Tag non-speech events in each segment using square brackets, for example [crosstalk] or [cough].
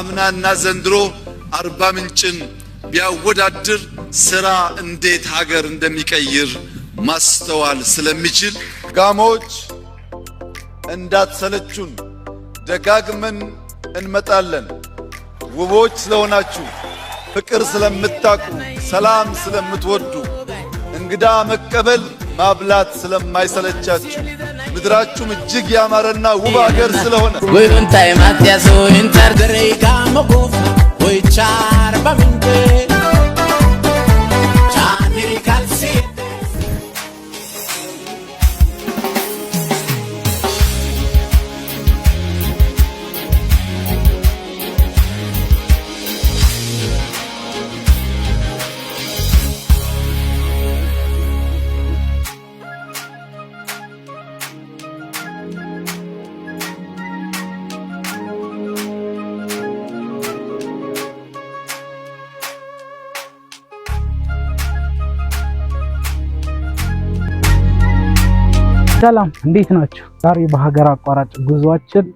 አምናና ዘንድሮ አርባ ምንጭን ቢያወዳድር ስራ እንዴት ሀገር እንደሚቀይር ማስተዋል ስለሚችል ጋሞች እንዳትሰለቹን፣ ደጋግመን እንመጣለን። ውቦች ስለሆናችሁ፣ ፍቅር ስለምታቁ፣ ሰላም ስለምትወዱ፣ እንግዳ መቀበል ማብላት ስለማይሰለቻችሁ ምድራችሁም እጅግ ያማረና ውብ ሀገር ስለሆነ ወይንታይ ማትያስ ወይንታር ደሬ ወይቻር በምንቴ ሰላም እንዴት ናችሁ? ዛሬ በሀገር አቋራጭ ጉዟችን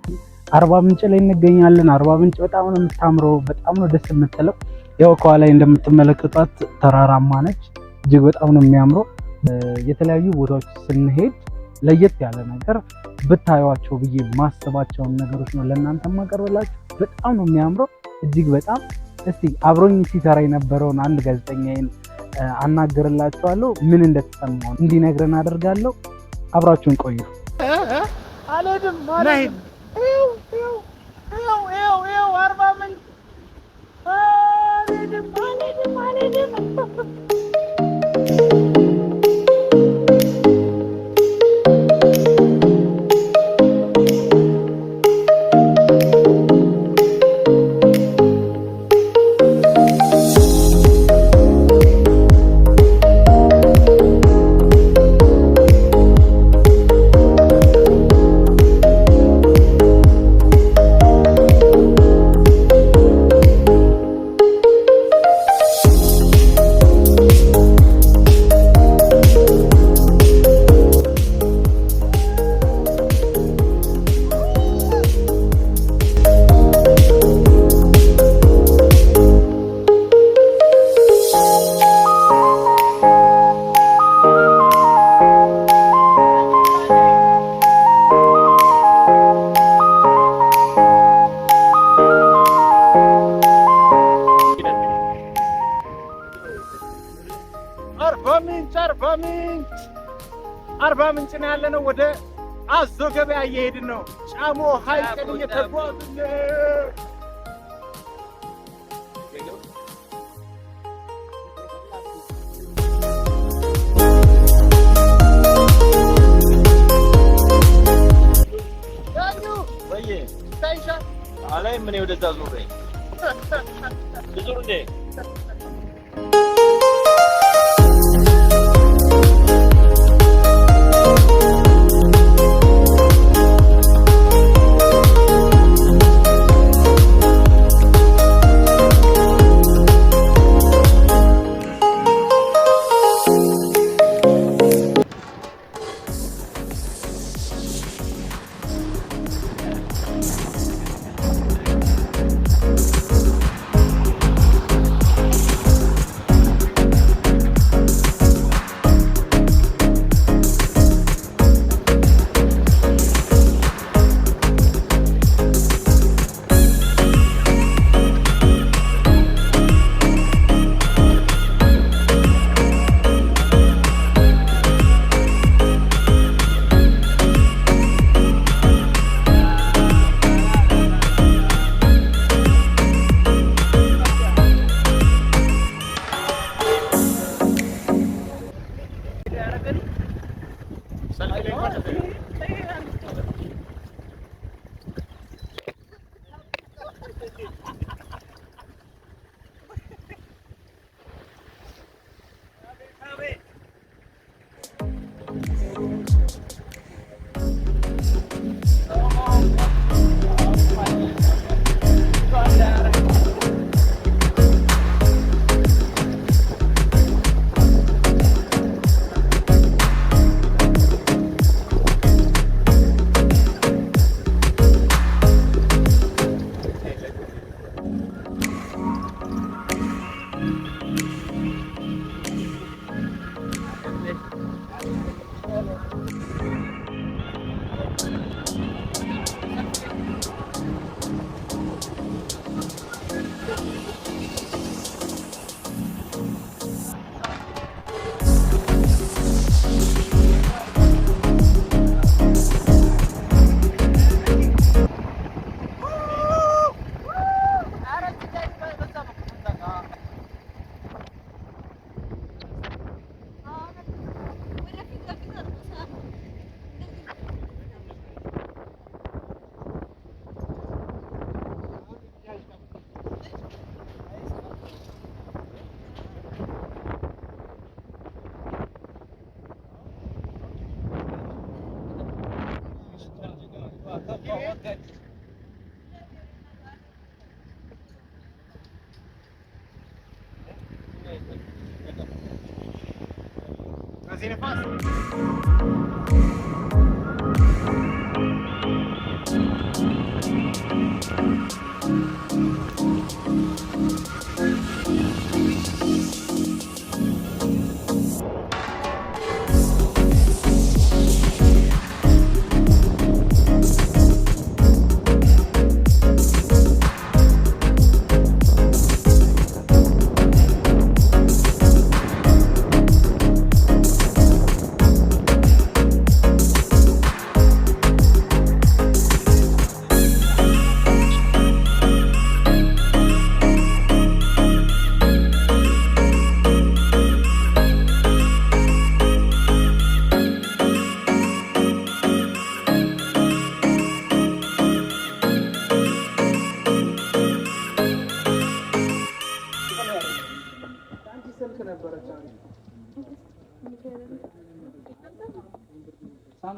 አርባ ምንጭ ላይ እንገኛለን። አርባ ምንጭ በጣም ነው የምታምረው፣ በጣም ነው ደስ የምትለው። ያው ከኋላ እንደምትመለከቷት ተራራማ ነች፣ እጅግ በጣም ነው የሚያምረው። የተለያዩ ቦታዎች ስንሄድ ለየት ያለ ነገር ብታዩቸው ብዬ ማስባቸውን ነገሮች ነው ለእናንተ ማቀርብላችሁ። በጣም ነው የሚያምረው እጅግ በጣም እስቲ አብሮኝ ሲሰራ የነበረውን አንድ ጋዜጠኛዬን አናገርላቸዋለሁ ምን እንደተሰማው እንዲነግረን አደርጋለሁ። አብራችሁን ቆዩ። አልሄድም። एवढे चालू आहे [laughs] Cinefax.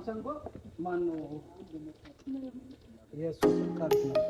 ሰንጎ ማን ነው? ኢየሱስ ክርስቶስ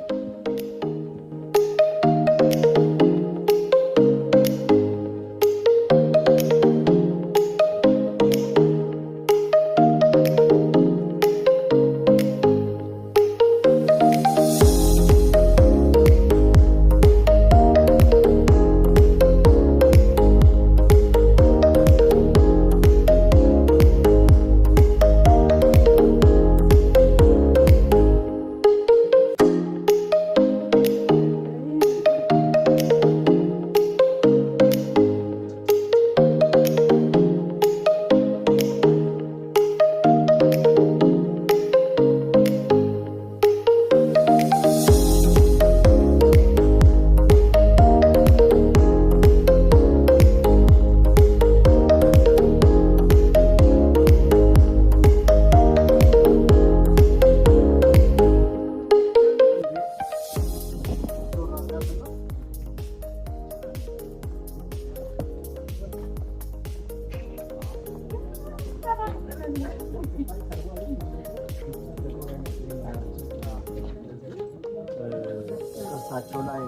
እርሳቸው ላይ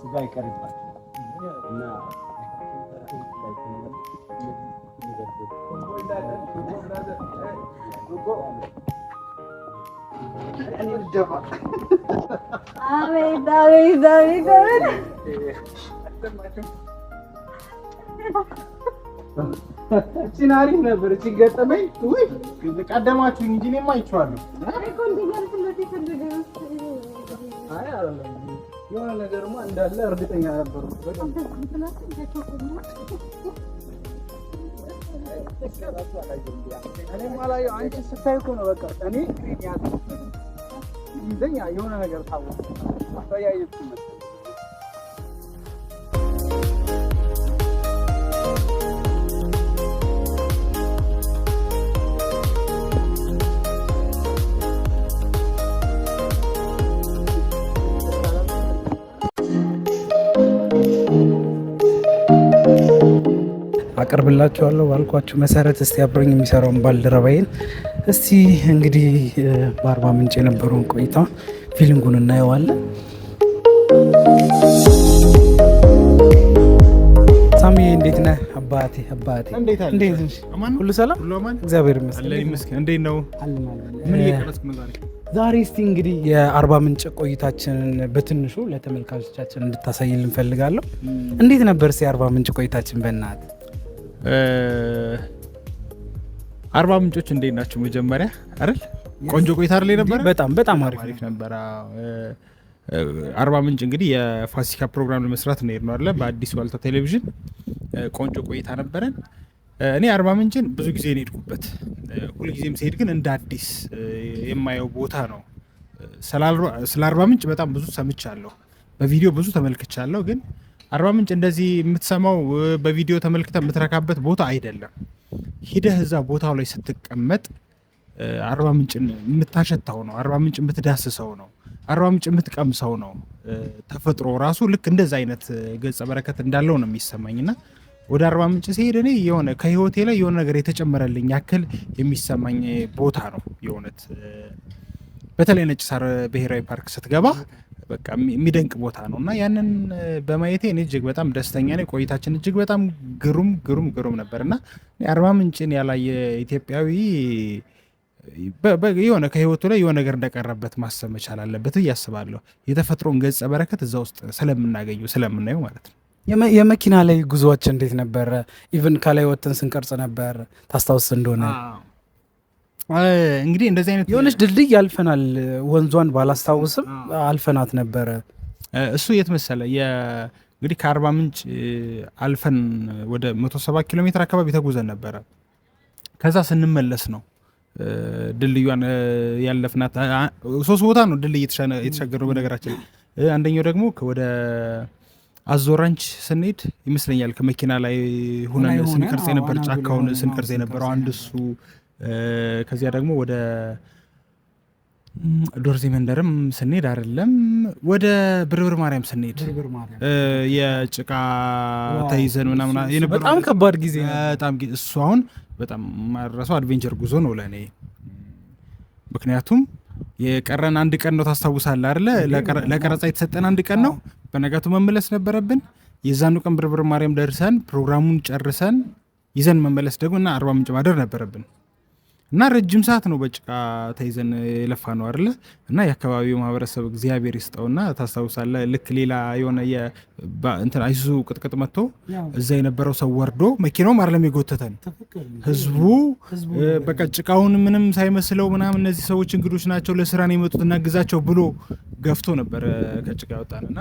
ስጋ ይቀርባቸው እና እቺን አሪፍ ነበር። እቺ ገጠመኝ ወይ ቀደማችሁ እንጂ እኔማ አይቼዋለሁ። የሆነ ነገርማ እንዳለ እርግጠኛ ነበር። አንቺ ስታይ እኮ ነው በቃ እኔ የሆነ ነገር ታወቀ አቀርብላችኋለሁ ባልኳችሁ መሰረት እስቲ አብሮኝ የሚሰራውን ባልደረባዬን እስቲ እንግዲህ በአርባ ምንጭ የነበረውን ቆይታ ፊሊንጉን እናየዋለን። ሳሚ እንዴት ነህ አባቴ? አባቴ ሁሉ ሰላም፣ እግዚአብሔር ይመስገን። እንዴት ነው? ዛሬ እስቲ እንግዲህ የአርባ ምንጭ ቆይታችንን በትንሹ ለተመልካቾቻችን እንድታሳይ እንፈልጋለሁ። እንዴት ነበር እስቲ የአርባ ምንጭ ቆይታችን በእናትህ? አርባ ምንጮች እንዴት ናቸው? መጀመሪያ አይደል ቆንጆ ቆይታ አይደል ነበረ። በጣም በጣም አሪፍ ነበረ። አርባ ምንጭ እንግዲህ የፋሲካ ፕሮግራም ለመስራት ነው የሄድነው አለ በአዲስ ዋልታ ቴሌቪዥን ቆንጆ ቆይታ ነበረን። እኔ አርባ ምንጭን ብዙ ጊዜ ሄድኩበት፣ ሁልጊዜም ሲሄድ ግን እንደ አዲስ የማየው ቦታ ነው። ስለ አርባ ምንጭ በጣም ብዙ ሰምቻለሁ፣ በቪዲዮ ብዙ ተመልክቻለሁ ግን አርባ ምንጭ እንደዚህ የምትሰማው በቪዲዮ ተመልክተ የምትረካበት ቦታ አይደለም። ሂደህ እዛ ቦታው ላይ ስትቀመጥ አርባ ምንጭ የምታሸታው ነው። አርባ ምንጭ የምትዳስሰው ነው። አርባ ምንጭ የምትቀምሰው ነው። ተፈጥሮ ራሱ ልክ እንደዛ አይነት ገጸ በረከት እንዳለው ነው የሚሰማኝ ወደ አርባ ምንጭ ሲሄድ እኔ የሆነ ከህይወቴ ላይ የሆነ ነገር የተጨመረልኝ ያክል የሚሰማኝ ቦታ ነው የእውነት በተለይ ነጭ ሳር ብሔራዊ ፓርክ ስትገባ በቃ የሚደንቅ ቦታ ነው እና ያንን በማየቴ እኔ እጅግ በጣም ደስተኛ ነኝ። ቆይታችን እጅግ በጣም ግሩም ግሩም ግሩም ነበር እና አርባ ምንጭን ያላየ ኢትዮጵያዊ የሆነ ከህይወቱ ላይ የሆነ ነገር እንደቀረበት ማሰብ መቻል አለበት ብዬ አስባለሁ። የተፈጥሮን ገጸ በረከት እዛ ውስጥ ስለምናገኙ ስለምናየው ማለት ነው። የመኪና ላይ ጉዞዎች እንዴት ነበረ? ኢቨን ከላይ ወጥተን ስንቀርጽ ነበር ታስታውስ እንደሆነ እንግዲህ እንደዚህ አይነት የሆነች ድልድይ አልፈናል። ወንዟን ባላስታውስም አልፈናት ነበረ። እሱ የት መሰለ እንግዲህ ከአርባ ምንጭ አልፈን ወደ 170 ኪሎ ሜትር አካባቢ ተጉዘን ነበረ። ከዛ ስንመለስ ነው ድልድዩን ያለፍናት። ሶስት ቦታ ነው ድልድይ የተሻገርነው በነገራችን። አንደኛው ደግሞ ወደ አዞራንች ስንሄድ ይመስለኛል ከመኪና ላይ ሁነን ስንቀርጽ የነበር ጫካውን ስንቀርጽ የነበረው አንድ እሱ ከዚያ ደግሞ ወደ ዶርዜ መንደርም ስንሄድ አይደለም ወደ ብርብር ማርያም ስንሄድ የጭቃ ተይዘን ምናምን በጣም ከባድ ጊዜ በጣም እሱ አሁን በጣም ማረሰው አድቬንቸር ጉዞ ነው ለእኔ። ምክንያቱም የቀረን አንድ ቀን ነው ታስታውሳለ አለ ለቀረጻ የተሰጠን አንድ ቀን ነው። በነጋቱ መመለስ ነበረብን። የዛኑ ቀን ብርብር ማርያም ደርሰን ፕሮግራሙን ጨርሰን ይዘን መመለስ ደግሞ እና አርባ ምንጭ ማደር ነበረብን። እና ረጅም ሰዓት ነው በጭቃ ተይዘን የለፋ ነው አለ እና የአካባቢው ማህበረሰብ እግዚአብሔር ይስጠውና ታስታውሳለ። ልክ ሌላ የሆነ አይሱዙ ቅጥቅጥ መጥቶ እዛ የነበረው ሰው ወርዶ መኪናውም አይደለም የጎተተን ህዝቡ በቃ ጭቃውን ምንም ሳይመስለው ምናምን እነዚህ ሰዎች እንግዶች ናቸው ለስራ ነው የመጡት ግዛቸው ብሎ ገፍቶ ነበረ ከጭቃ ያወጣን እና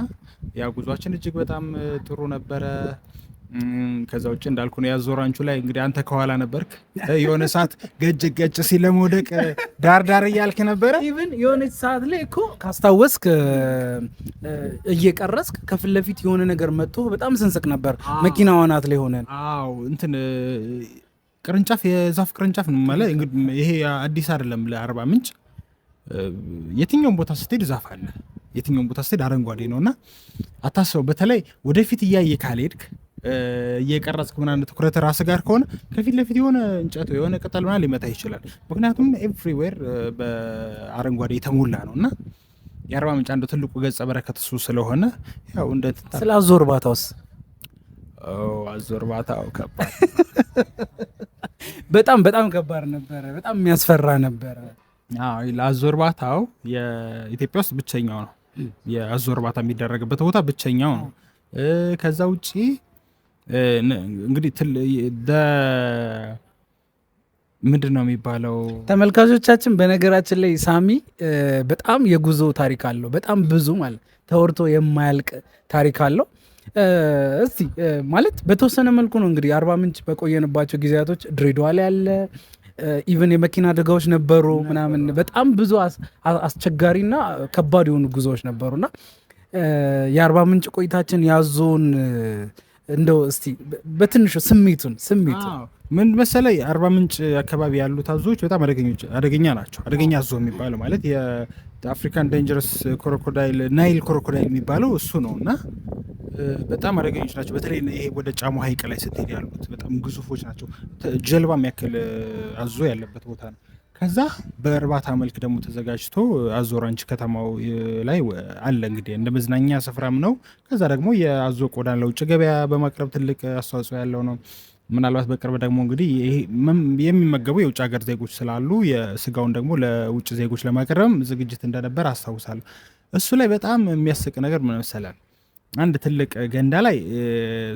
ያ ጉዟችን እጅግ በጣም ጥሩ ነበረ። ከዛ ውጭ እንዳልኩ ነው ያዞራንቹ ላይ እንግዲህ አንተ ከኋላ ነበርክ። የሆነ ሰዓት ገጭ ገጭ ሲል ለመውደቅ ዳር ዳር እያልክ ነበረ። ኢቭን የሆነ ሰዓት ላይ እኮ ካስታወስክ እየቀረስክ ከፊት ለፊት የሆነ ነገር መጥቶ በጣም ስንስቅ ነበር። መኪናዋ ናት ላይ ሆነን አዎ እንትን ቅርንጫፍ የዛፍ ቅርንጫፍ ነው ማለት እንግዲህ ይሄ አዲስ አይደለም። ለአርባ ምንጭ የትኛውም ቦታ ስትሄድ ዛፍ አለ። የትኛውም ቦታ ስትሄድ አረንጓዴ ነው እና አታስበው። በተለይ ወደፊት እያየ ካልሄድክ እየቀረጽክ ምናምን ትኩረት ራስ ጋር ከሆነ ከፊት ለፊት የሆነ እንጨት የሆነ ቅጠል ምናምን ሊመታ ይችላል። ምክንያቱም ኤቭሪዌር በአረንጓዴ የተሞላ ነው እና የአርባ ምንጭ አንዱ ትልቁ ገጸ በረከት እሱ ስለሆነ ያው እንደ ስለ አዞ እርባታውስ አዞ እርባታው ከባድ በጣም በጣም ከባድ ነበረ። በጣም የሚያስፈራ ነበረ። ለአዞ እርባታው የኢትዮጵያ ውስጥ ብቸኛው ነው። የአዞ እርባታ የሚደረግበት ቦታ ብቸኛው ነው። ከዛ ውጭ እንግዲህ ምንድን ነው የሚባለው? ተመልካቾቻችን፣ በነገራችን ላይ ሳሚ በጣም የጉዞ ታሪክ አለው። በጣም ብዙ ማለት ተወርቶ የማያልቅ ታሪክ አለው። እስቲ ማለት በተወሰነ መልኩ ነው እንግዲህ አርባ ምንጭ በቆየንባቸው ጊዜያቶች ድሬዳዋ ላይ ያለ ኢቨን የመኪና አደጋዎች ነበሩ ምናምን በጣም ብዙ አስቸጋሪና ከባድ የሆኑ ጉዞዎች ነበሩና የአርባ ምንጭ ቆይታችን ያዞን እንደው እስቲ በትንሹ ስሜቱን ስሜቱን ምን መሰለህ፣ አርባ ምንጭ አካባቢ ያሉት አዞዎች በጣም አደገኛ ናቸው። አደገኛ አዞ የሚባለው ማለት የአፍሪካን ዴንጀረስ ኮሮኮዳይል ናይል ኮሮኮዳይል የሚባለው እሱ ነው እና በጣም አደገኞች ናቸው። በተለይ ይሄ ወደ ጫሞ ሐይቅ ላይ ስትሄድ ያሉት በጣም ግዙፎች ናቸው። ጀልባ የሚያክል አዞ ያለበት ቦታ ነው። ከዛ በእርባታ መልክ ደግሞ ተዘጋጅቶ አዞ ራንች ከተማው ላይ አለ። እንግዲህ እንደ መዝናኛ ስፍራም ነው። ከዛ ደግሞ የአዞ ቆዳን ለውጭ ገበያ በማቅረብ ትልቅ አስተዋጽኦ ያለው ነው። ምናልባት በቅርብ ደግሞ እንግዲህ የሚመገቡ የውጭ ሀገር ዜጎች ስላሉ የስጋውን ደግሞ ለውጭ ዜጎች ለማቅረብ ዝግጅት እንደነበር አስታውሳለሁ። እሱ ላይ በጣም የሚያስቅ ነገር ምን መሰለህ? አንድ ትልቅ ገንዳ ላይ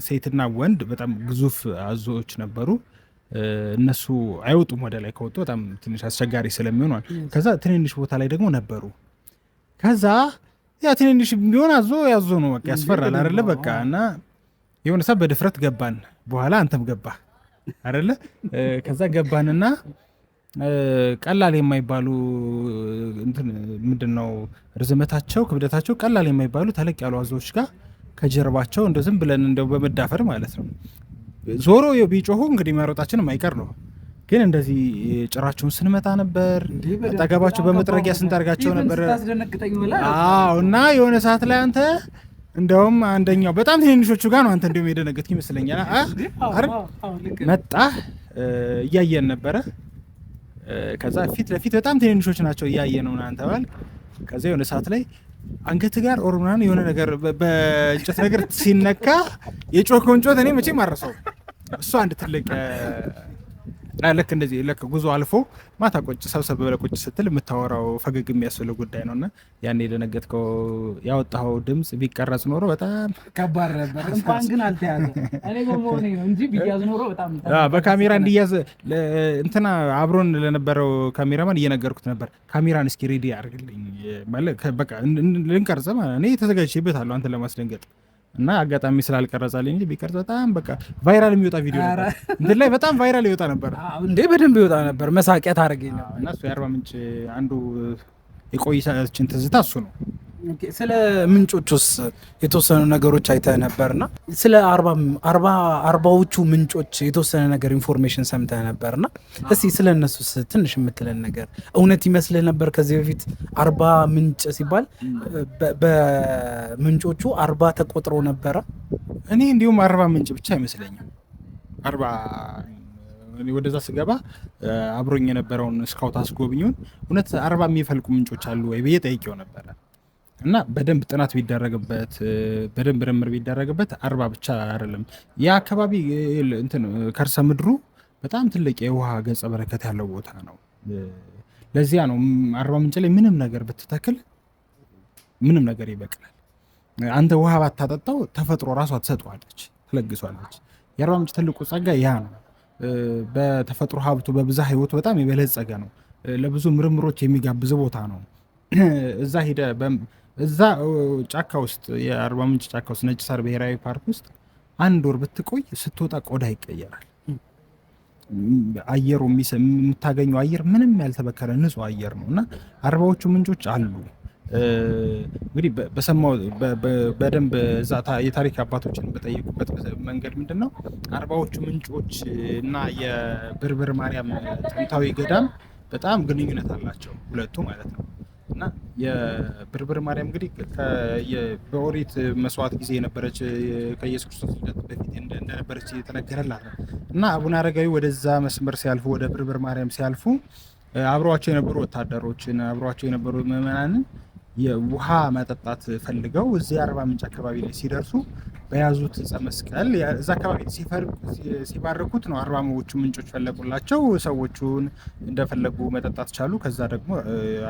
ሴትና ወንድ በጣም ግዙፍ አዞዎች ነበሩ። እነሱ አይወጡም ወደ ላይ ከወጡ በጣም ትንሽ አስቸጋሪ ስለሚሆኗል። ከዛ ትንንሽ ቦታ ላይ ደግሞ ነበሩ። ከዛ ያ ትንንሽ ቢሆን አዞ ያዞ ነው በቃ ያስፈራል አይደለ? በቃ እና የሆነ ሰብ በድፍረት ገባን። በኋላ አንተም ገባ አይደለ? ከዛ ገባንና ቀላል የማይባሉ ምንድን ነው ርዝመታቸው፣ ክብደታቸው ቀላል የማይባሉ ተለቅ ያሉ አዞዎች ጋር ከጀርባቸው እንደ ዝም ብለን እንደው በመዳፈር ማለት ነው ዞሮ ቢጮሁ እንግዲህ መሮጣችን የማይቀር ነው። ግን እንደዚህ ጭራቸውን ስንመታ ነበር፣ አጠገባቸው በመጥረጊያ ስንጠርጋቸው ነበር። አዎ እና የሆነ ሰዓት ላይ አንተ እንደውም አንደኛው በጣም ትንንሾቹ ጋር ነው አንተ እንዲሁም የደነገጥክ ይመስለኛል። አር እያየን ነበረ። ከዛ ፊት ለፊት በጣም ትንንሾች ናቸው እያየ ነው አንተ ባል። ከዛ የሆነ ሰዓት ላይ አንገት ጋር ኦር ምናምን የሆነ ነገር በእንጨት ነገር ሲነካ የጮህ ከንጮት እኔ መቼም አረሰው እሱ አንድ ትልቅ ልክ እንደዚህ ልክ ጉዞ አልፎ ማታ ቁጭ ሰብሰብ ብለህ ቁጭ ስትል የምታወራው ፈገግ የሚያስብልህ ጉዳይ ነው እና ያኔ የደነገጥከው ያወጣኸው ድምፅ ቢቀረጽ ኖሮ በጣም ከባድ ነበር። እንኳን ግን አልተያዘ እኔ በመሆኔ ነው እንጂ ቢያዝ ኖሮ በጣም በካሜራ እንዲያዝ እንትና አብሮን ለነበረው ካሜራማን እየነገርኩት ነበር። ካሜራን እስኪ ሬዲ አድርግልኝ በቃ ልንቀርጽ እኔ ተዘጋጅቼበታለሁ አንተን ለማስደንገጥ እና አጋጣሚ ስላልቀረጸልኝ እንጂ ቢቀርጽ በጣም በቃ ቫይራል የሚወጣ ቪዲዮ ነበር። እንትን ላይ በጣም ቫይራል ይወጣ ነበር እንዴ፣ በደንብ ይወጣ ነበር። መሳቂያ ታደርገኝ እና እሱ የአርባ ምንጭ አንዱ የቆይታችን ትዝታ እሱ ነው። ስለ ምንጮቹስ የተወሰኑ ነገሮች አይተህ ነበርና ስለ አርባዎቹ ምንጮች የተወሰነ ነገር ኢንፎርሜሽን ሰምተህ ነበርና እስቲ ስለ እነሱስ ትንሽ የምትለን ነገር እውነት ይመስል ነበር? ከዚህ በፊት አርባ ምንጭ ሲባል በምንጮቹ አርባ ተቆጥሮ ነበረ። እኔ እንዲሁም አርባ ምንጭ ብቻ አይመስለኝም። አርባ ወደዛ ስገባ አብሮኝ የነበረውን ስካውት አስጎብኚውን እውነት አርባ የሚፈልቁ ምንጮች አሉ ወይ ብዬ ጠይቄው ነበረ። እና በደንብ ጥናት ቢደረግበት በደንብ ምርምር ቢደረግበት አርባ ብቻ አይደለም። የአካባቢ ከርሰ ምድሩ በጣም ትልቅ የውሃ ገጸ በረከት ያለው ቦታ ነው። ለዚያ ነው አርባ ምንጭ ላይ ምንም ነገር ብትተክል ምንም ነገር ይበቅላል። አንተ ውሃ ባታጠጣው ተፈጥሮ ራሷ ትሰጠዋለች፣ ትለግሷለች። የአርባ ምንጭ ትልቁ ጸጋ ያ ነው። በተፈጥሮ ሀብቱ በብዛ ህይወቱ በጣም የበለጸገ ነው። ለብዙ ምርምሮች የሚጋብዝ ቦታ ነው። [clears throat] እዛ ሂደ እዛ ጫካ ውስጥ የአርባ ምንጭ ጫካ ውስጥ ነጭ ሳር ብሔራዊ ፓርክ ውስጥ አንድ ወር ብትቆይ ስትወጣ ቆዳ ይቀየራል። አየሩ የምታገኘው አየር ምንም ያልተበከለ ንጹህ አየር ነው እና አርባዎቹ ምንጮች አሉ። እንግዲህ በሰማው በደንብ እዛ የታሪክ አባቶችን በጠየቁበት መንገድ ምንድን ነው አርባዎቹ ምንጮች እና የብርብር ማርያም ጥንታዊ ገዳም በጣም ግንኙነት አላቸው ሁለቱ ማለት ነው። እና የብርብር ማርያም እንግዲህ በኦሪት መስዋዕት ጊዜ የነበረች ከኢየሱስ ክርስቶስ ልደት በፊት እንደነበረች የተነገረላት እና አቡነ አረጋዊ ወደዛ መስመር ሲያልፉ ወደ ብርብር ማርያም ሲያልፉ አብረዋቸው የነበሩ ወታደሮችን አብረዋቸው የነበሩ ምዕመናንን የውሃ መጠጣት ፈልገው እዚህ አርባ ምንጭ አካባቢ ላይ ሲደርሱ በያዙት ዕፀ መስቀል እዛ አካባቢ ሲባርኩት ነው አርባምዎቹ ምንጮች ፈለቁላቸው። ሰዎቹን እንደፈለጉ መጠጣት ቻሉ። ከዛ ደግሞ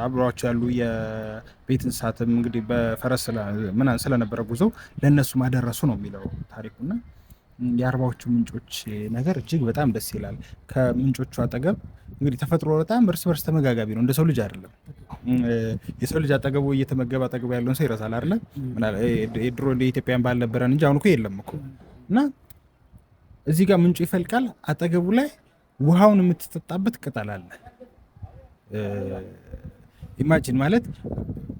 አብሯቸው ያሉ የቤት እንስሳትም እንግዲህ በፈረስ ምናምን ስለነበረ ጉዞ ለእነሱ ማደረሱ ነው የሚለው ታሪኩና የአርባዎቹ ምንጮች ነገር እጅግ በጣም ደስ ይላል። ከምንጮቹ አጠገብ እንግዲህ ተፈጥሮ በጣም እርስ በርስ ተመጋጋቢ ነው። እንደ ሰው ልጅ አይደለም። የሰው ልጅ አጠገቡ እየተመገበ አጠገቡ ያለውን ሰው ይረሳል አለ ድሮ እንደ ኢትዮጵያን ባልነበረን እንጂ አሁን እኮ የለም እኮ እና እዚህ ጋር ምንጩ ይፈልቃል። አጠገቡ ላይ ውሃውን የምትጠጣበት ቅጠል አለ። ኢማጂን ማለት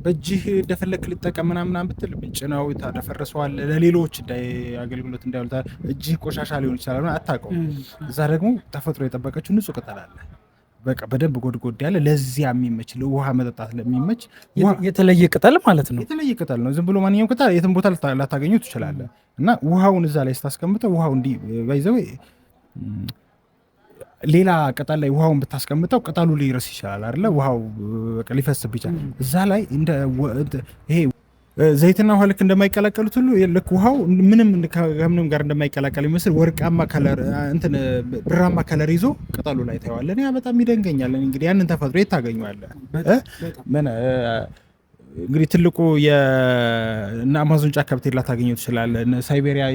በእጅህ እንደፈለክ ልጠቀም ምናምና ብትል ጭነው ታደፈረሰዋል ለሌሎች አገልግሎት እንዳይውል እጅህ ቆሻሻ ሊሆን ይችላል፣ አታውቀውም። እዛ ደግሞ ተፈጥሮ የጠበቀችው ንጹህ ቅጠል አለ። በቃ በደንብ ጎድጎድ ያለ ለዚያ የሚመች ለውሃ መጠጣት ለሚመች የተለየ ቅጠል ማለት ነው። የተለየ ቅጠል ነው። ዝም ብሎ ማንኛውም ቅጠል የትም ቦታ ላታገኘው ትችላለህ። እና ውሃውን እዛ ላይ ስታስቀምጠው ውሃው እንዲህ ባይዘው ሌላ ቅጠል ላይ ውሃውን ብታስቀምጠው ቅጠሉ ሊረስ ይችላል አይደለ? ውሃው ሊፈስብ ይችላል። እዛ ላይ ይሄ ዘይትና ውሃ ልክ እንደማይቀላቀሉት ሁሉ ልክ ውሃው ምንም ከምንም ጋር እንደማይቀላቀል ይመስል ወርቃማ ከለር እንትን ብራማ ከለር ይዞ ቅጠሉ ላይ ታየዋለን። ያ በጣም ይደንገኛለን። እንግዲህ ያንን ተፈጥሮ የት ታገኘዋለህ? ምን እንግዲህ ትልቁ እነ አማዞን ጫካ ብትሄድ ላታገኘው ትችላለ። ሳይቤሪያ፣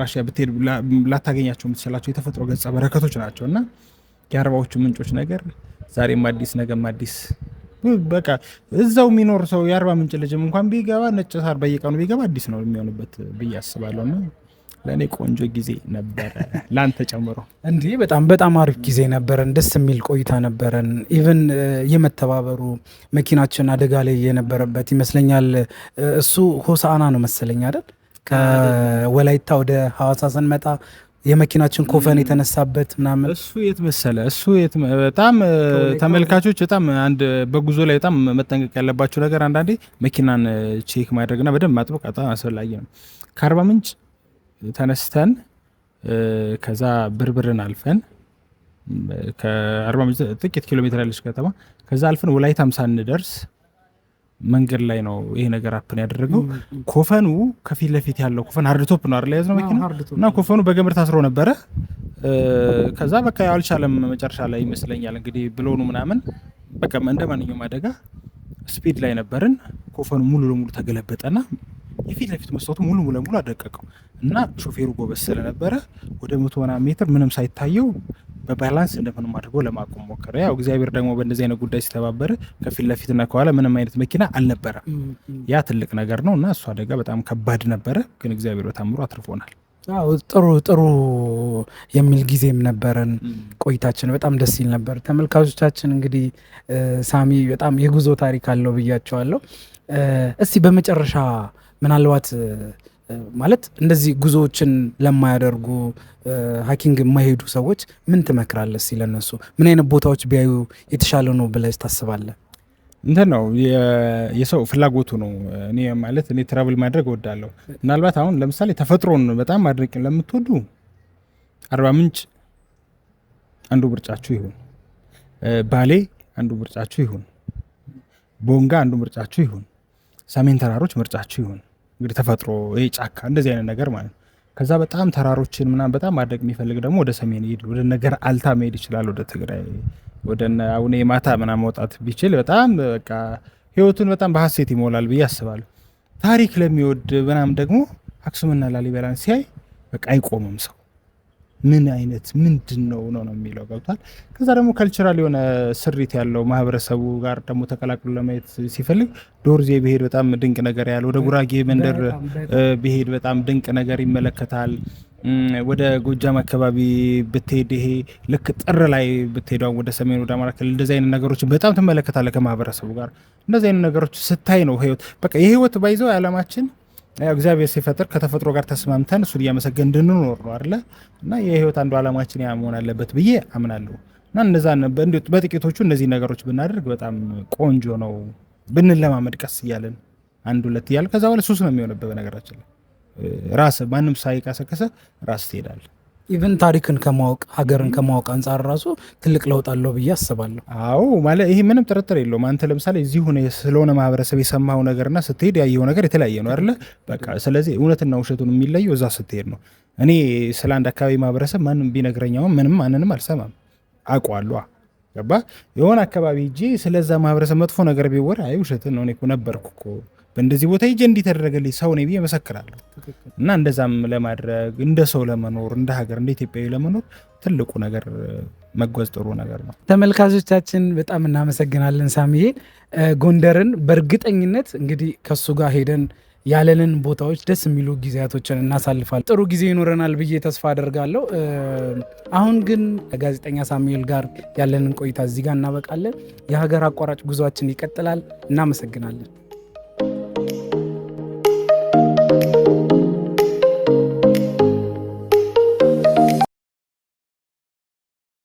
ራሽያ ብትሄድ ላታገኛቸው የምትችላቸው የተፈጥሮ ገጸ በረከቶች ናቸው እና የአርባዎቹ ምንጮች ነገር ዛሬም አዲስ ነገም አዲስ በቃ እዛው የሚኖር ሰው የአርባ ምንጭ ልጅም እንኳን ቢገባ ነጭ ሳር በየቀኑ ቢገባ አዲስ ነው የሚሆንበት ብዬ አስባለሁ። ለእኔ ቆንጆ ጊዜ ነበረ፣ ለአንተ ጨምሮ። እንዲህ በጣም በጣም አሪፍ ጊዜ ነበረን። ደስ የሚል ቆይታ ነበረን። ኢቨን የመተባበሩ መኪናችን አደጋ ላይ የነበረበት ይመስለኛል። እሱ ሆሳአና ነው መሰለኝ አይደል? ከወላይታ ወደ ሀዋሳ ስንመጣ የመኪናችን ኮፈን የተነሳበት ምናምን እሱ የት መሰለ እሱ በጣም ተመልካቾች በጣም አንድ በጉዞ ላይ በጣም መጠንቀቅ ያለባቸው ነገር አንዳንዴ መኪናን ቼክ ማድረግና በደንብ ማጥበቅ በጣም አስፈላጊ ነው። ከአርባ ምንጭ ተነስተን ከዛ ብርብርን አልፈን ጥቂት ኪሎ ሜትር ያለች ከተማ ከዛ አልፈን ወላይታም ሳንደርስ መንገድ ላይ ነው ይሄ ነገር አፕን ያደረገው። ኮፈኑ ከፊት ለፊት ያለው ኮፈን ሀርድቶፕ ነው አይደል የያዝነው መኪና እና ኮፈኑ በገመድ ታስሮ ነበረ። ከዛ በቃ አልቻለም። መጨረሻ ላይ ይመስለኛል እንግዲህ ብሎኑ ምናምን በቃ እንደ ማንኛውም አደጋ ስፒድ ላይ ነበርን። ኮፈኑ ሙሉ ለሙሉ ተገለበጠና የፊት ለፊት መስታወቱ ሙሉ ለሙሉ አደቀቀው እና ሾፌሩ ጎበዝ ስለነበረ ወደ መቶ ምናምን ሜትር ምንም ሳይታየው በባላንስ እንደምንም አድርጎ ለማቆም ሞከረ። ያው እግዚአብሔር ደግሞ በእንደዚህ አይነት ጉዳይ ሲተባበረ ከፊት ለፊትና ከኋላ ምንም አይነት መኪና አልነበረም። ያ ትልቅ ነገር ነው እና እሱ አደጋ በጣም ከባድ ነበረ፣ ግን እግዚአብሔር በታምሮ አትርፎናል። ጥሩ ጥሩ የሚል ጊዜም ነበረን። ቆይታችን በጣም ደስ ይል ነበር። ተመልካቾቻችን እንግዲህ ሳሚ በጣም የጉዞ ታሪክ አለው ብያቸዋለሁ። እስቲ በመጨረሻ ምናልባት ማለት እንደዚህ ጉዞዎችን ለማያደርጉ ሀኪንግ የማይሄዱ ሰዎች ምን ትመክራለህ? ሲለ እነሱ ምን አይነት ቦታዎች ቢያዩ የተሻለ ነው ብለህ ታስባለህ? እንትን ነው የሰው ፍላጎቱ ነው። እኔ ማለት እኔ ትራቭል ማድረግ እወዳለሁ። ምናልባት አሁን ለምሳሌ ተፈጥሮን በጣም ማድረግ ለምትወዱ አርባ ምንጭ አንዱ ምርጫችሁ ይሁን፣ ባሌ አንዱ ምርጫችሁ ይሁን፣ ቦንጋ አንዱ ምርጫችሁ ይሁን፣ ሰሜን ተራሮች ምርጫችሁ ይሁን። እንግዲህ ተፈጥሮ ይሄ ጫካ እንደዚህ አይነት ነገር ማለት ነው። ከዛ በጣም ተራሮችን ምናምን በጣም ማድረግ የሚፈልግ ደግሞ ወደ ሰሜን ይሄድ ወደ ነገር አልታ መሄድ ይችላል። ወደ ትግራይ ወደ አቡነ የማታ ምናምን መውጣት ቢችል በጣም በቃ ህይወቱን በጣም በሀሴት ይሞላል ብዬ አስባለሁ። ታሪክ ለሚወድ ምናምን ደግሞ አክሱምና ላሊበላን ሲያይ በቃ አይቆምም ሰው ምን አይነት ምንድን ነው ነው ነው የሚለው ገብቷል። ከዛ ደግሞ ከልቸራል የሆነ ስሪት ያለው ማህበረሰቡ ጋር ደግሞ ተቀላቅሎ ለማየት ሲፈልግ ዶርዜ ብሄድ በጣም ድንቅ ነገር ያለ ወደ ጉራጌ መንደር ብሄድ በጣም ድንቅ ነገር ይመለከታል። ወደ ጎጃም አካባቢ ብትሄድ ይሄ ልክ ጥር ላይ ብትሄደ ወደ ሰሜን ወደ አማራ ክልል እንደዚህ አይነት ነገሮችን በጣም ትመለከታለህ። ከማህበረሰቡ ጋር እንደዚህ አይነት ነገሮች ስታይ ነው ህይወት በቃ የህይወት ባይዘው የዓለማችን ያው እግዚአብሔር ሲፈጥር ከተፈጥሮ ጋር ተስማምተን እሱን እያመሰገን እንድንኖር ነው አለ እና የህይወት አንዱ አላማችን ያ መሆን አለበት ብዬ አምናለሁ። እና እነዛ በጥቂቶቹ እነዚህ ነገሮች ብናደርግ በጣም ቆንጆ ነው ብንለማመድ፣ ቀስ እያለን አንድ ሁለት እያለ ከዛ በኋላ ሱስ ነው የሚሆንበት። በነገራችን ላይ ራስ ማንም ሳይቀሰቀሰ ራስ ትሄዳለህ። ኢቨን ታሪክን ከማወቅ ሀገርን ከማወቅ አንጻር ራሱ ትልቅ ለውጥ አለው ብዬ አስባለሁ። አዎ ማለት ይሄ ምንም ጥርጥር የለውም። አንተ ለምሳሌ እዚህ ሆነ ስለሆነ ማህበረሰብ የሰማው ነገርና ስትሄድ ያየው ነገር የተለያየ ነው አይደለ? በቃ ስለዚህ እውነትና ውሸቱን የሚለየው እዛ ስትሄድ ነው። እኔ ስለ አንድ አካባቢ ማህበረሰብ ማንም ቢነግረኛውም ምንም ማንንም አልሰማም። አውቀዋለሁ። ገባ የሆነ አካባቢ እጄ ስለዛ ማህበረሰብ መጥፎ ነገር ቢወራ አይ ውሸትን ነው እኔ እኮ ነበርኩ እኮ በእንደዚህ ቦታ ሄጄ እንዲህ ተደረገልኝ ሰው ነኝ ብዬ መሰክራለሁ። እና እንደዛም ለማድረግ እንደ ሰው ለመኖር እንደ ሀገር እንደ ኢትዮጵያዊ ለመኖር ትልቁ ነገር መጓዝ ጥሩ ነገር ነው። ተመልካቾቻችን በጣም እናመሰግናለን ሳሚዬ። ጎንደርን በእርግጠኝነት እንግዲህ ከሱ ጋር ሄደን ያለንን ቦታዎች ደስ የሚሉ ጊዜያቶችን እናሳልፋል። ጥሩ ጊዜ ይኖረናል ብዬ ተስፋ አደርጋለሁ። አሁን ግን ከጋዜጠኛ ሳሙኤል ጋር ያለንን ቆይታ እዚህ ጋር እናበቃለን። የሀገር አቋራጭ ጉዟችን ይቀጥላል። እናመሰግናለን።